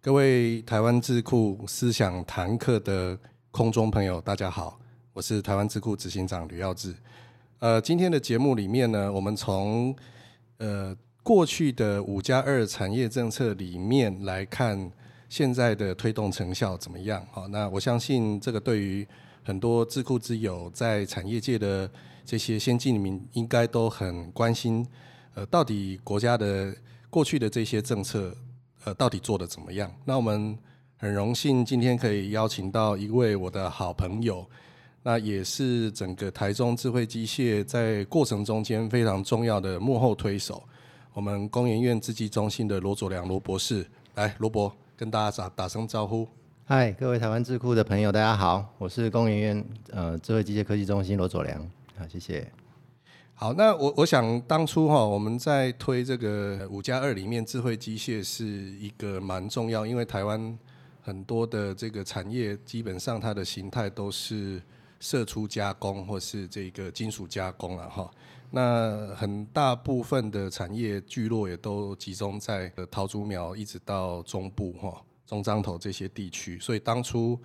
各位台灣智庫思想坦克的空中朋友，大家好，我是台灣智庫執行長呂耀智。呃，今天的節目裡面呢，我們從呃過去的五加二產業政策裡面來看，現在的推動成效怎麼樣？哦，那我相信這個對於很多智庫之友在產業界的這些先進裡面應該都很關心。呃，到底國家的過去的這些政策？呃，到底做得怎麼樣？那我們很榮幸今天可以邀請到一位我的好朋友，那也是整個台中智慧機械，在過程中間非常重要的幕後推手，我們工研院智機中心的羅佐良羅博士，來羅博跟大家打打聲招呼。嗨，各位台灣智庫的朋友，大家好，我是工研院呃智慧機械科技中心羅佐良，好，謝謝。好，那我我想當初哈，我們在推這個五加二裡面，智慧機械是一個蠻重要，因為台灣很多的這個產業基本上它的形態都是射出加工或是這個金屬加工了哈。那很大部分的產業聚落也都集中在桃竹苗一直到中部哈、中彰投這些地區，所以當初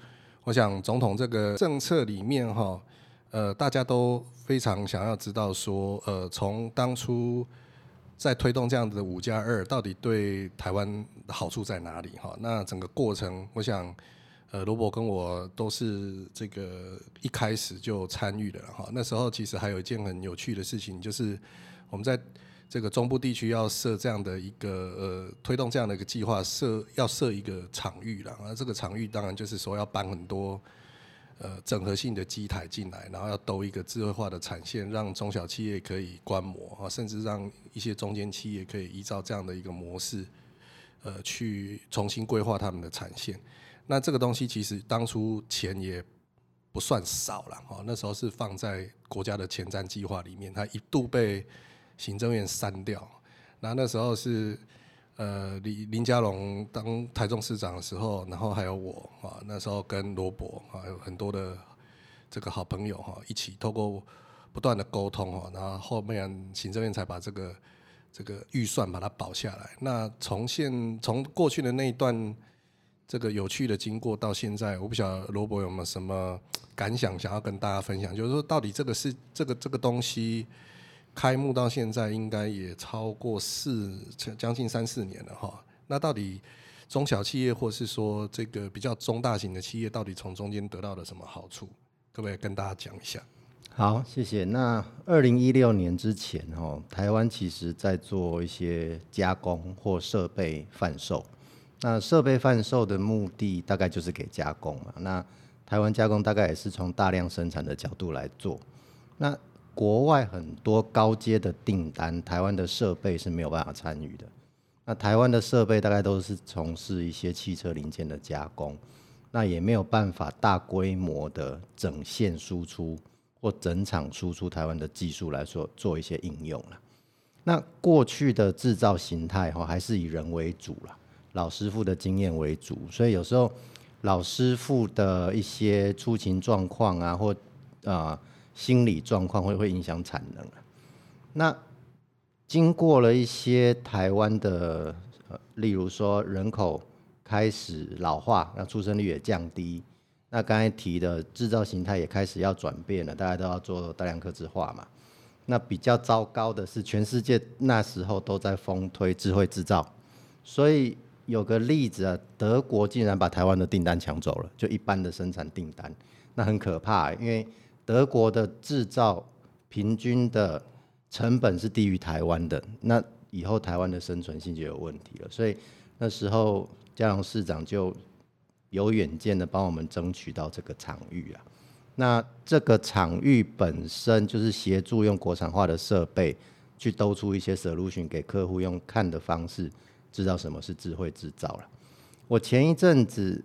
我想總統這個政策裡面哈。呃，大家都非常想要知道說，呃，從當初在推動這樣的五加二，到底對台灣好處在哪裡？哈，那整個過程，我想，呃，羅博跟我都是這個一開始就參與的了。哈，那時候其實還有一件很有趣的事情，就是我們在這個中部地區要設這樣的一個呃，推動這樣的一個計劃，設要設一個場域了。那這個場域當然就是說要辦很多。呃，整合性的機台進來，然後要兜一個智慧化的產線，讓中小企業可以觀摩啊，甚至讓一些中間企業可以依照這樣的一個模式，呃，去重新規劃他們的產線。那這個東西其實當初錢也不算少了哦，那時候是放在國家的前瞻計劃裡面，它一度被行政院刪掉，那那時候是。呃，林林佳龍當台中市長的時候，然後還有我啊，那時候跟羅博啊，有很多的這個好朋友哈，一起透過不斷的溝通哈。然後後面行政院才把這個這個預算把它保下來。那從現從過去的那一段這個有趣的經過到現在，我不曉得羅博有沒有什麼感想想要跟大家分享，就是說到底這個是這個這個東西。開幕到現在應該也超過四，將近三四年了哈，那到底中小企業或是說這個比較中大型的企業，到底從中間得到了什麼好處？可不可以跟大家講一下？好，謝謝。那二零一六年之前哦，台灣其實在做一些加工或設備販售，那設備販售的目的大概就是給加工嘛。那台灣加工大概也是從大量生產的角度來做，那。國外很多高階的訂單，台灣的設備是沒有辦法參與的。那台灣的設備大概都是從事一些汽車零件的加工，那也沒有辦法大規模的整線輸出或整廠輸出台灣的技術來說做一些應用了。那過去的製造形態哈，還是以人為主了，老師傅的經驗為主，所以有時候老師傅的一些出勤狀況啊，或啊。呃心理狀況會不會影響產能啊？那經過了一些台灣的，呃，例如說人口開始老化，那出生率也降低。那剛才提的製造形態也開始要轉變了，大家都要做大量客製化嘛。那比較糟糕的是，全世界那時候都在風推智慧製造，所以有個例子啊，德國竟然把台灣的訂單搶走了，就一般的生產訂單，那很可怕，欸，因為。德國的製造平均的成本是低於台灣的，那以後台灣的生存性就有問題了。所以那時候佳龍市長就有遠見的幫我們爭取到這個場域啊。那這個場域本身就是協助用國產化的設備去兜出一些 solution 給客戶用看的方式，知道什麼是智慧製造了。我前一陣子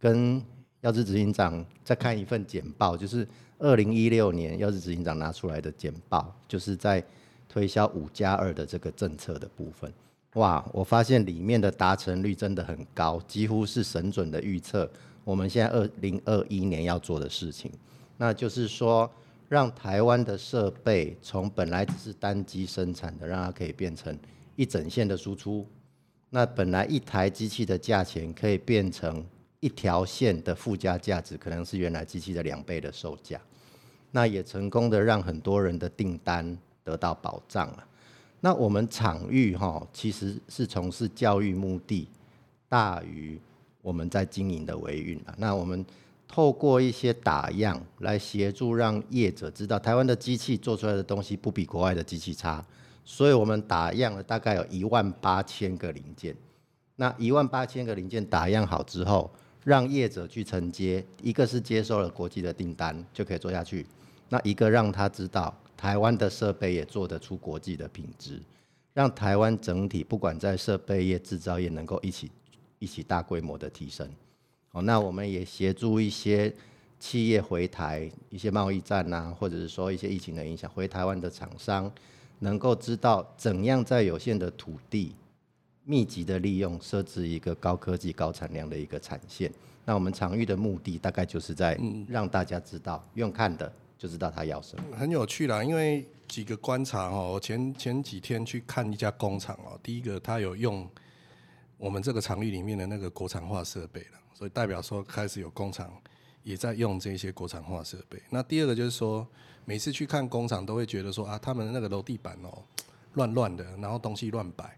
跟。要是執行長再看一份簡報，就是二零一六年要是執行長拿出來的簡報，就是在推銷五加二的這個政策的部分。哇，我發現裡面的達成率真的很高，幾乎是神準的預測。我們現在二零二一年要做的事情，那就是說讓台灣的設備從本來只是單機生產的，讓它可以變成一整線的輸出。那本來一台機器的價錢可以變成。一條線的附加價值可能是原來機器的兩倍的售價，那也成功的讓很多人的訂單得到保障了。那我們場域哈其實是從事教育目的大於我們在經營的維運了。那我們透過一些打樣來協助讓業者知道台灣的機器做出來的東西不比國外的機器差。所以我們打樣了大概有一萬八千個零件，那一萬八千個零件打樣好之後，讓業者去承接，一個是接受了國際的訂單就可以做下去，那一個讓他知道台灣的設備也做得出國際的品質，讓台灣整體不管在設備業、製造業能夠一起一起大規模的提升。好，那我們也協助一些企業回台，一些貿易戰吶、啊，或者是說一些疫情的影響回台灣的廠商，能夠知道怎樣在有限的土地。密集的利用設置一個高科技、高產量的一個產線。那我們場域的目的大概就是在讓大家知道，嗯、用看的就知道他要什麼。很有趣啦，因為幾個觀察哦、喔，我前前幾天去看一家工廠哦、喔，第一個他有用我們這個場域裡面的那個國產化設備了，所以代表說開始有工廠也在用這些國產化設備。那第二個就是說，每次去看工廠都會覺得說啊，他們那個樓地板哦、喔，亂亂的，然後東西亂擺。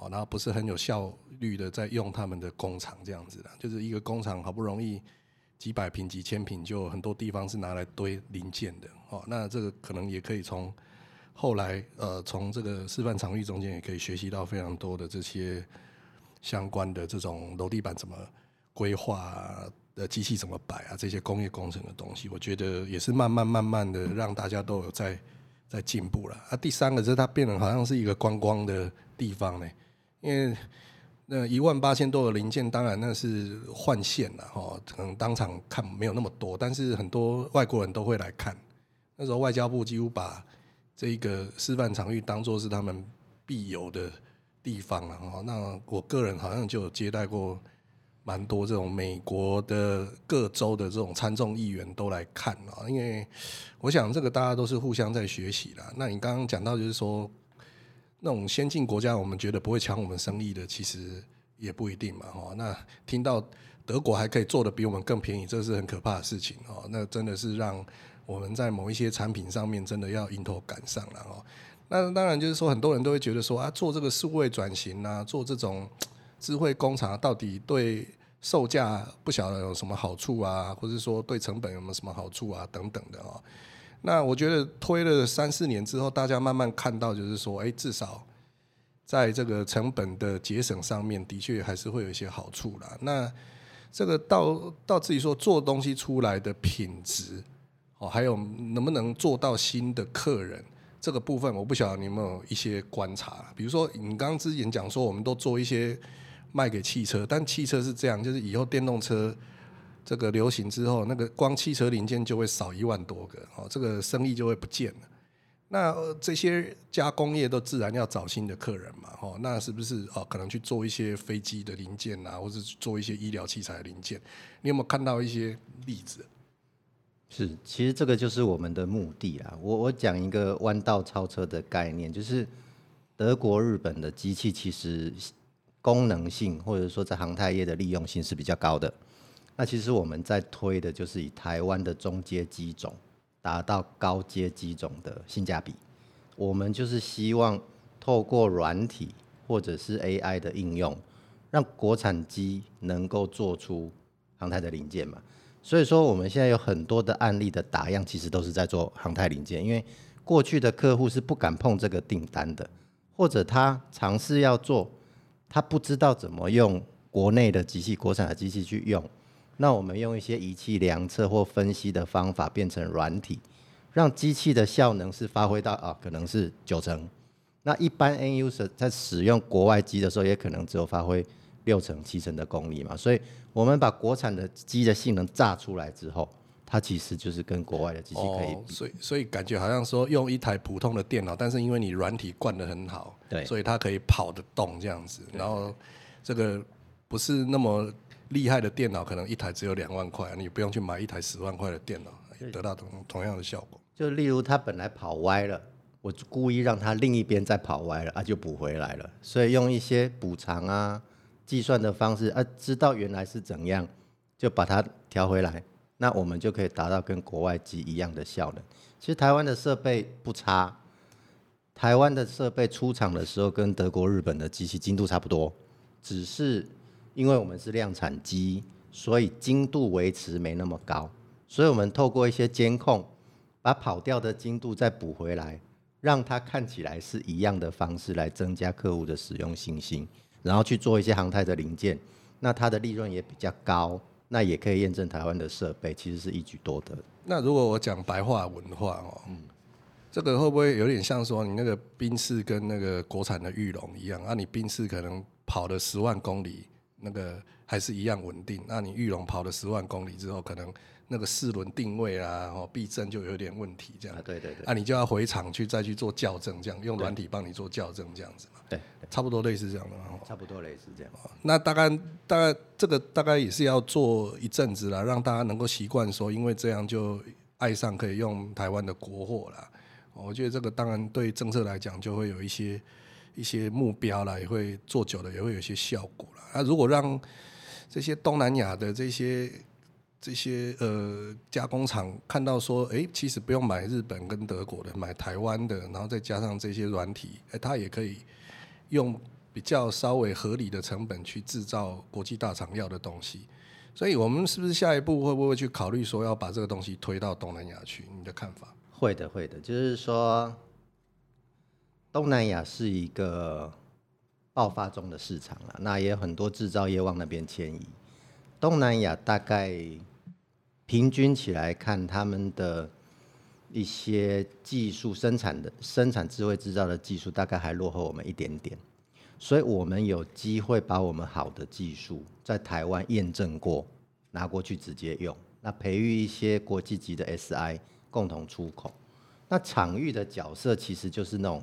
哦，然後不是很有效率的在用他們的工廠這樣子的，就是一個工廠好不容易幾百坪幾千坪，就很多地方是拿來堆零件的。哦，那這個可能也可以從後來呃，從這個示範場域中間也可以學習到非常多的這些相關的這種樓地板怎麼規劃，呃，機器怎麼擺啊，這些工業工程的東西，我覺得也是慢慢慢慢的讓大家都有在在進步了。啊，第三個就是它變得好像是一個觀光、光的地方呢。因為那一萬八千多個零件，當然那是換線了哈，可能當場看沒有那麼多，但是很多外國人都會來看。那時候外交部幾乎把這一個示範場域當作是他們必遊的地方了哈。那我個人好像就有接待過蠻多這種美國的各州的這種參眾議員都來看了，因為我想這個大家都是互相在學習啦。那你剛剛講到就是說，那種先進國家，我們覺得不會搶我們生意的，其實也不一定嘛，哈。那聽到德國還可以做得比我們更便宜，這是很可怕的事情，哦。那真的是讓我們在某一些產品上面真的要迎頭趕上了，哦。那當然就是說，很多人都會覺得說啊，做這個數位轉型啊，做這種智慧工廠啊，到底對售價不曉得有什麼好處啊，或者說對成本有沒有什麼好處啊，等等的，哦。那我覺得推了三四年之後，大家慢慢看到就是說，哎，至少在這個成本的節省上面，的確還是會有一些好處啦。那這個到到自己說做東西出來的品質，哦，還有能不能做到新的客人這個部分，我不曉得你有沒有一些觀察。比如說，你剛剛之前講說，我們都做一些賣給汽車，但汽車是這樣，就是以後電動車。這個流行之後，那個光汽車零件就會少一萬多個哦，這個生意就會不見了。那、呃、這些加工業都自然要找新的客人嘛？哦，那是不是哦？可能去做一些飛機的零件啊，或者做一些醫療器材的零件？你有沒有看到一些例子？是，其實這個就是我們的目的啊。我我講一個彎道超車的概念，就是德國、日本的機器其實功能性，或者說在航太業的利用性是比較高的。那其實我們在推的就是以台灣的中階機種，達到高階機種的性價比。我們就是希望透過軟體或者是 AI 的應用，讓國產機能夠做出航太的零件嘛。所以說，我們現在有很多的案例的打樣，其實都是在做航太零件。因為過去的客戶是不敢碰這個訂單的，或者他嘗試要做，他不知道怎麼用國內的機器、國產的機器去用。那我們用一些儀器量測或分析的方法變成軟體，讓機器的效能是發揮到啊，可能是九成。那一般用戶在使用國外機的時候，也可能只有發揮六成七成的功力嘛。所以，我們把國產的機的性能炸出來之後，它其實就是跟國外的機器可以。Oh, 所以所以感覺好像說用一台普通的電腦，但是因為你軟體灌得很好，對，所以它可以跑得動這樣子。然後這個不是那麼。厲害的電腦可能一台只有兩萬塊，你不用去買一台十萬塊的電腦，也得到同同樣的效果。就例如它本來跑歪了，我就故意讓它另一邊再跑歪了，啊就補回來了。所以用一些補償啊計算的方式啊，知道原來是怎樣，就把它調回來。那我們就可以達到跟國外機一樣的效能。其實台灣的設備不差，台灣的設備出廠的時候跟德國、日本的機器精度差不多，只是。因為我們是量產機，所以精度維持沒那麼高，所以我們透過一些監控，把跑掉的精度再補回來，讓它看起來是一樣的方式來增加客戶的使用信心，然後去做一些航太的零件，那它的利潤也比較高，那也可以驗證台灣的設備其實是一舉多得的。那如果我講白話文的話哦，嗯，這個會不會有點像說你那個賓士跟那個國產的裕隆一樣啊？你賓士可能跑了十萬公里，那個還是一樣穩定，那你裕隆跑了十萬公里之後，可能那個四輪定位啊，哦，避震就有點問題，這樣。啊、對對對。那、啊、你就要回廠去再去做校正，這樣用軟體幫你做校正，這樣子嘛。對，對，對，差不多類似這樣的。差不多類似這樣。這樣，那大概大概這個大概也是要做一陣子了，讓大家能夠習慣說，因為這樣就愛上可以用台灣的國貨啦。我覺得這個當然對政策來講就會有一些。一些目標啦，也會做久了，也會有一些效果啦。那、啊、如果讓這些東南亞的這些這些呃加工廠看到說，誒、欸、其實不用買日本跟德國的，買台灣的，然後再加上這些軟體，誒、欸、它也可以用比較稍微合理的成本去製造國際大廠要的東西。所以我們是不是下一步會不會去考慮說要把這個東西推到東南亞去？你的看法？會的，會的，就是說。東南亞是一個爆發中的市場了啊，那也有很多製造業往那邊遷移。東南亞大概平均起來看，他們的一些技術生產的生產智慧製造的技術大概還落後我們一點點，所以我們有機會把我們好的技術在台灣驗證過，拿過去直接用，那培育一些國際級的 SI 共同出口，那場域的角色其實就是那種。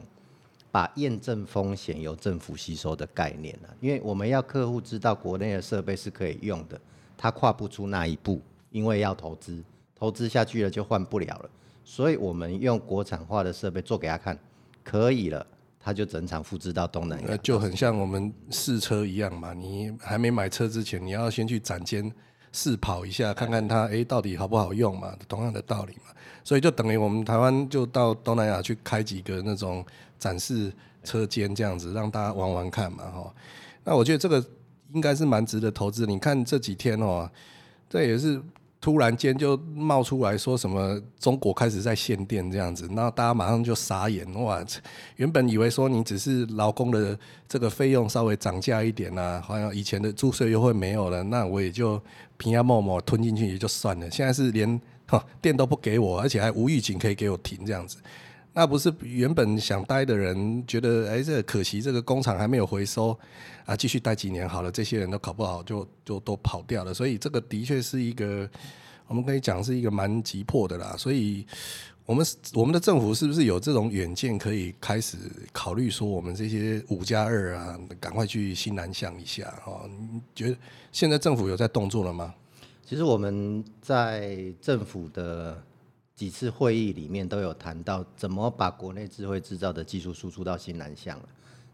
把、啊、驗證風險由政府吸收的概念呢、啊？因為我們要客戶知道國內的設備是可以用的，他跨不出那一步，因為要投資，投資下去了就換不了了。所以，我們用國產化的設備做給他看，可以了，他就整廠複製到東南亞，就很像我們試車一樣嘛。你還沒買車之前，你要先去展間試跑一下，嗯、看看它哎到底好不好用嘛，同樣的道理嘛。所以，就等於我們台灣就到東南亞去開幾個那種。展示車間這樣子，讓大家玩玩看嘛哈，那我覺得這個應該是蠻值得投資。你看這幾天哦，這也是突然間就冒出來說什麼中國開始在限電這樣子，那大家馬上就傻眼哇！原本以為說你只是勞工的這個費用稍微漲價一點吶、啊，好像以前的租稅優惠沒有了，那我也就平壓默默吞進去也就算了。現在是連電都不給我，而且還無預警可以給我停這樣子。那不是原本想待的人，覺得哎、欸，這可惜，這個工廠還沒有回收，啊，繼續待幾年好了。這些人都搞不好就，就就都跑掉了。所以這個的確是一個，我們可以講是一個蠻急迫的啦。所以我們我們的政府是不是有這種遠見，可以開始考慮說，我們這些五加二啊，趕快去新南向一下哦？你覺得現在政府有在動作了嗎？其實我們在政府的。幾次會議裡面都有談到怎麼把國內智慧製造的技術輸出到新南向了。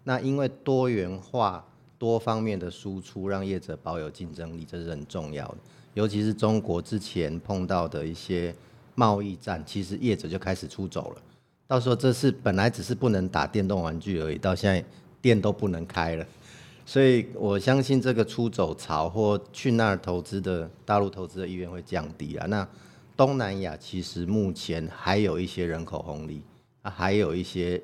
那因為多元化多方面的輸出，讓業者保有競爭力，這是很重要的。尤其是中國之前碰到的一些貿易戰，其實業者就開始出走了。到時候，這是本來只是不能打電動玩具而已，到現在店都不能開了。所以我相信這個出走潮或去那兒投資的大陸投資的意願會降低啊。那。東南亞其實目前還有一些人口紅利，啊，還有一些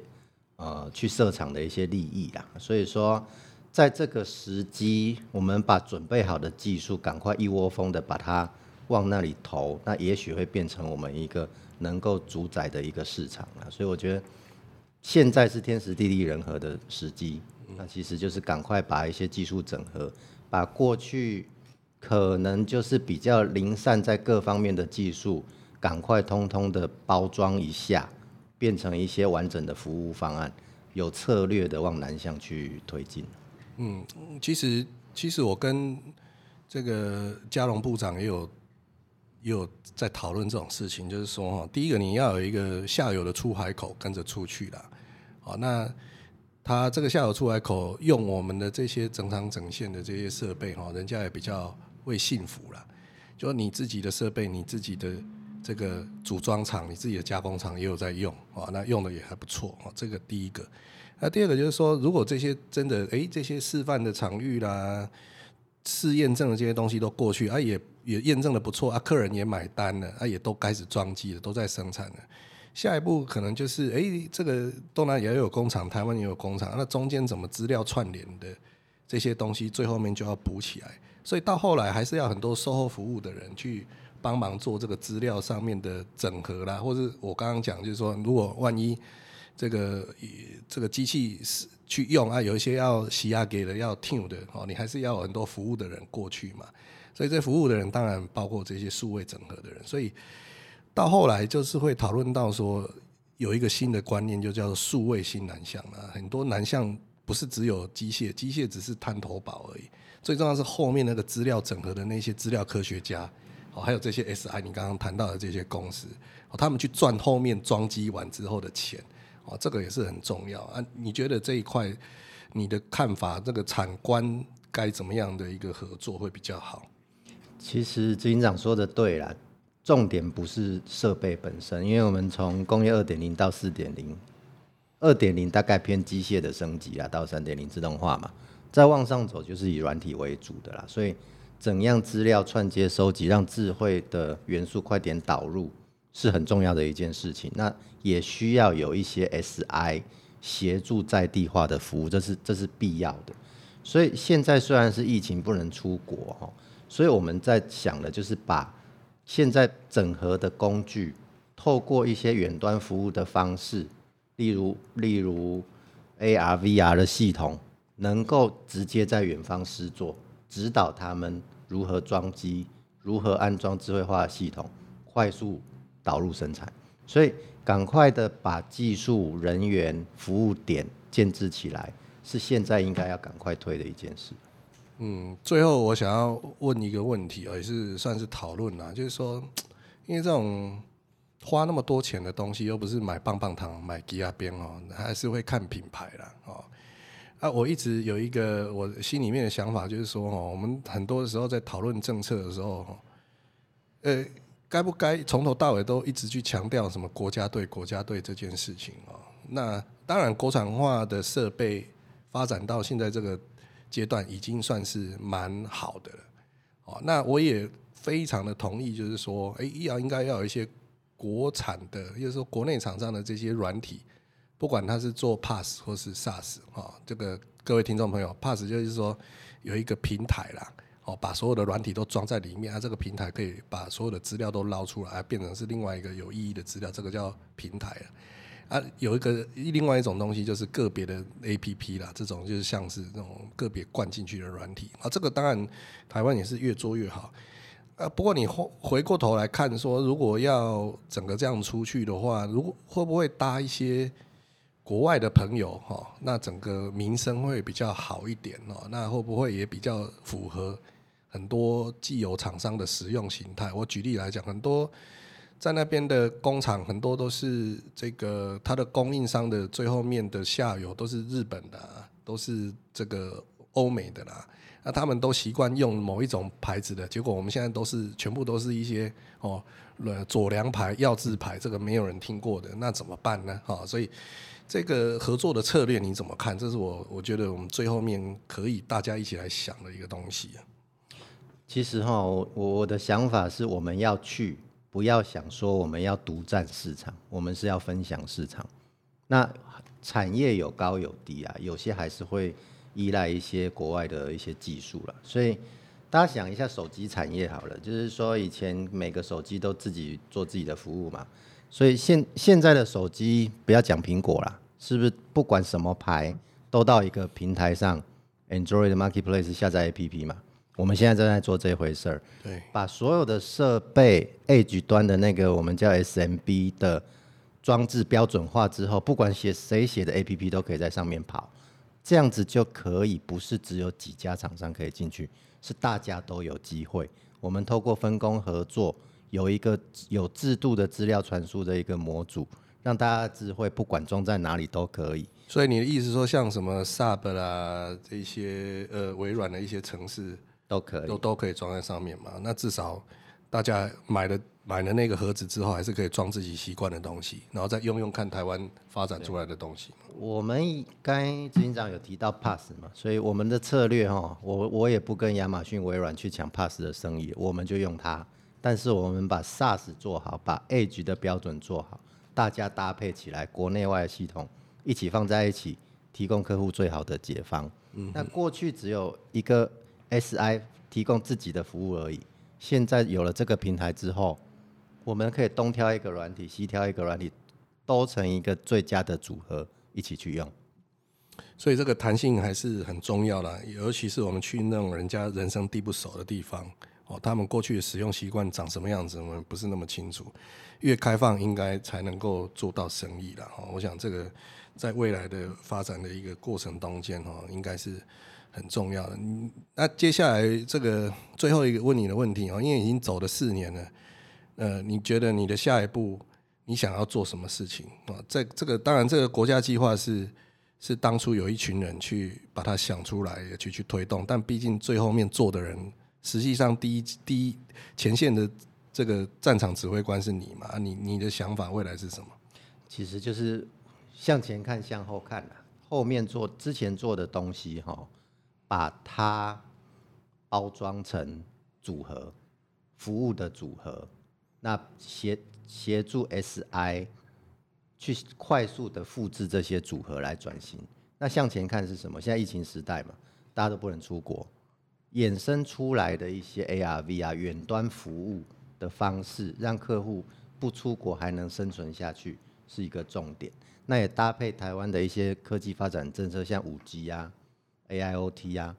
呃去設廠的一些利益啊，所以說在這個時機，我們把準備好的技術趕快一窩蜂的把它往那裡投，那也許會變成我們一個能夠主宰的一個市場啊，所以我覺得現在是天時地利人和的時機，那其實就是趕快把一些技術整合，把過去。可能就是比較零散在各方面的技術，趕快通通的包裝一下，變成一些完整的服務方案，有策略的往南向去推進。嗯，其實其實我跟這個佳龍部長也有也有在討論這種事情，就是說哈，第一個你要有一個下游的出海口跟着出去啦。哦，那他這個下游出海口用我們的這些整廠整線的這些設備哈，人家也比較，會幸福了，就你自己的設備，你自己的這個組裝廠，你自己的加工廠也有在用啊，那用的也還不錯啊。這個第一個，那第二個就是說，如果這些真的誒，這些示範的場域啦，試驗證的這些東西都過去啊也，也也驗證的不錯啊，客人也買單了啊，也都開始裝機了，都在生產了。下一步可能就是誒，這個東南亞也有工廠，台灣也有工廠，那中間怎麼資料串聯的這些東西，最後面就要補起來。所以到後來還是要很多售後服務的人去幫忙做這個資料上面的整合啦，或者我剛剛講就是說，如果萬一這個這個機器是去用啊，有一些要洗要給的要聽的哦，你還是要很多服務的人過去嘛。所以這服務的人當然包括這些數位整合的人。所以到後來就是會討論到說有一個新的觀念，就叫做數位新南向啦，很多南向。不是只有機械，機械只是灘頭堡而已。最重要是後面那個資料整合的那些資料科學家，哦，還有這些 SI，你剛剛談到的這些公司，哦，他們去賺後面裝機完之後的錢，哦，這個也是很重要。啊，你覺得這一塊你的看法，這、那個產官該怎麼樣的一個合作會比較好？其實執行長說的對啦，重點不是設備本身，因為我們從工業二點零到四點零。二點零大概偏機械的升級啦，到三點零自動化嘛，再往上走就是以軟體為主的啦。所以，怎樣資料串接收集，讓智慧的元素快點導入，是很重要的一件事情。那也需要有一些 SI 協助在地化的服務，這是這是必要的。所以現在雖然是疫情不能出國哦，所以我們在想的就是把現在整合的工具，透過一些遠端服務的方式。例如，例如 ARVR 的系統能夠直接在遠方施作，指導他們如何裝機、如何安裝智慧化系統，快速導入生產。所以，趕快的把技術人員服務點建置起來，是現在應該要趕快推的一件事。嗯，最後我想要問一個問題啊，也是算是討論啊，就是說，因為這種。花那麼多錢的東西，又不是買棒棒糖、買枝仔冰哦、喔，還是會看品牌啦。哦、喔。啊，我一直有一個我心裡面的想法，就是說哦、喔，我們很多時候在討論政策的時候，呃、欸，該不該從頭到尾都一直去強調什麼國家隊、國家隊這件事情哦、喔？那當然，國產化的設備發展到現在這個階段，已經算是蠻好的了。哦、喔，那我也非常的同意，就是說，哎、欸，醫療應該要有一些。國產的，也就是說國內廠商的這些軟體，不管它是做 PaaS 或是 SaaS，哈、哦，這個各位聽眾朋友，PaaS 就是說有一個平台啦，哦，把所有的軟體都裝在裡面，它、啊、這個平台可以把所有的資料都撈出來、啊，變成是另外一個有意義的資料，這個叫平台啊，有一個另外一種東西就是個別的 APP 啦，這種就是像是那種個別灌進去的軟體，啊，這個當然台灣也是越做越好。啊，不過你回回過頭來看，說如果要整個這樣出去的話，如果會不會搭一些國外的朋友哈、哦？那整個民生會比較好一點哦。那會不會也比較符合很多既有廠商的使用形態？我舉例來講，很多在那邊的工廠，很多都是這個它的供應商的最後面的下游都是日本的、啊，都是這個歐美的啦、啊。那、啊、他們都習慣用某一種牌子的，結果我們現在都是全部都是一些哦，佐良牌、耀字牌，這個沒有人聽過的，那怎麼辦呢？哈、哦，所以這個合作的策略你怎麼看？這是我我覺得我們最後面可以大家一起來想的一個東西、啊。其實哈、哦，我我的想法是我們要去，不要想說我們要獨占市場，我們是要分享市場。那產業有高有低啊，有些還是會。依賴一些國外的一些技術了，所以大家想一下手機產業好了，就是說以前每個手機都自己做自己的服務嘛，所以現現在的手機不要講蘋果啦，是不是不管什麼牌都到一個平台上，Android Marketplace 下載 APP 嘛？我們現在正在做這回事兒，對，把所有的設備 Edge 端的那個我們叫 SMB 的裝置標準化之後，不管寫誰寫的 APP 都可以在上面跑。這樣子就可以，不是只有幾家廠商可以進去，是大家都有機會。我們透過分工合作，有一個有制度的資料傳輸的一個模組，讓大家智慧不管裝在哪裡都可以。所以你的意思說，像什麼 Sub 啦這些呃微軟的一些程式都可以都都可以裝在上面嘛？那至少大家買的。買了那個盒子之後，還是可以裝自己習慣的東西，然後再用用看台灣發展出來的東西。我們剛執行長有提到 Pass 嘛，所以我們的策略哈，我我也不跟亞馬遜、微軟去搶 Pass 的生意，我們就用它。但是我們把 SaaS 做好，把 Edge 的標準做好，大家搭配起來，國內外系統一起放在一起，提供客戶最好的解方。嗯、哼那過去只有一個 SI 提供自己的服務而已，現在有了這個平台之後。我們可以東挑一個軟體，西挑一個軟體，都成一個最佳的組合一起去用，所以這個彈性還是很重要啦，尤其是我們去那種人家人生地不熟的地方哦，他們過去的使用習慣長什麼樣子，我們不是那麼清楚。越開放應該才能夠做到生意的哈。我想這個在未來的發展的一個過程當中間哈，應該是很重要的。那接下來這個最後一個問你的問題啊，因為已經走了四年了。呃，你覺得你的下一步，你想要做什麼事情啊？這這個當然，這個國家計劃是是當初有一群人去把它想出來，去去推動。但畢竟最後面做的人，實際上第一第一前線的這個戰場指揮官是你嘛？你你的想法未來是什麼？其實就是向前看，向後看的、啊。後面做之前做的東西、哦，哈，把它包裝成組合服務的組合。那協協助 S I 去快速的複製這些組合來轉型。那向前看是什麼？現在疫情時代嘛，大家都不能出國，衍生出來的一些 A R V R、啊、遠端服務的方式，讓客戶不出國還能生存下去，是一個重點。那也搭配台灣的一些科技發展政策，像五 G 呀、啊、A I O T 呀、啊，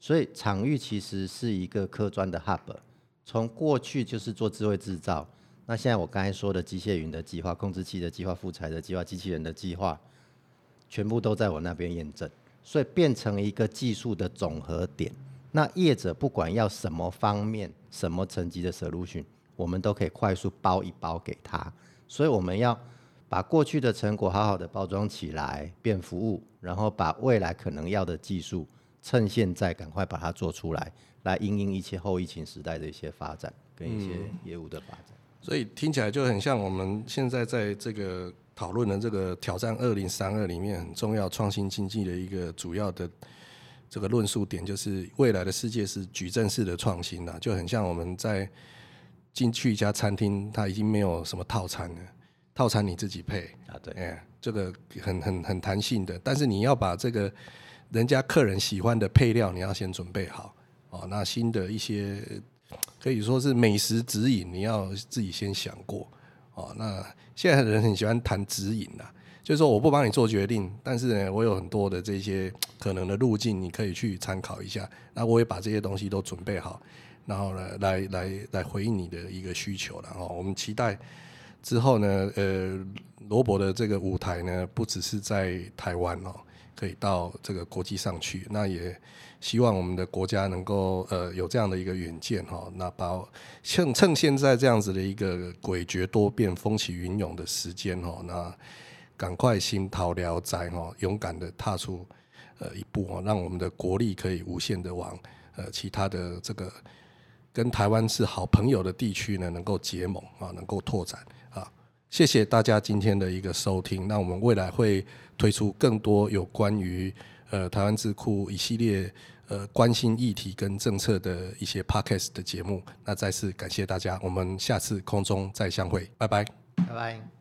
所以場域其實是一個科專的 hub。從過去就是做智慧製造，那現在我剛才說的機械雲的計劃、控制器的計劃、複材的計劃、機器人的計劃，全部都在我那邊驗證，所以變成一個技術的總和點。那業者不管要什麼方面、什麼層級的 solution，我們都可以快速包一包給他。所以我們要把過去的成果好好的包裝起來變服務，然後把未來可能要的技術。趁現在趕快把它做出來，來因應一切後疫情時代的一些發展跟一些業務的發展、嗯。所以聽起來就很像我們現在在這個討論的這個挑戰二零三二裡面很重要創新經濟的一個主要的這個論述點，就是未來的世界是矩陣式的創新了、啊，就很像我們在進去一家餐廳，它已經沒有什麼套餐了，套餐你自己配啊，對，哎，yeah, 這個很很很彈性的，但是你要把這個。人家客人喜歡的配料，你要先準備好哦。那新的一些可以說是美食指引，你要自己先想過哦。那現在的人很喜歡談指引啦，就是說我不幫你做決定，但是呢，我有很多的這些可能的路徑，你可以去參考一下。那我也把這些東西都準備好，然後來來來來回應你的一個需求了哦。我們期待之後呢，呃，羅伯的這個舞台呢，不只是在台灣哦、喔。可以到這個國際上去，那也希望我們的國家能夠呃有這樣的一個遠見哈、哦，那把我趁趁現在這樣子的一個詭譎多變、風起雲湧的時間哦，那趕快心淘了哉、哦、勇敢的踏出呃一步哦，讓我們的國力可以無限的往呃其他的這個跟台灣是好朋友的地區呢，能夠結盟啊、哦，能夠拓展啊、哦。謝謝大家今天的一個收聽，那我們未來會。推出更多有關於呃台灣智庫一系列呃關心議題跟政策的一些 podcast 的節目。那再次感謝大家，我們下次空中再相會，拜拜，拜拜。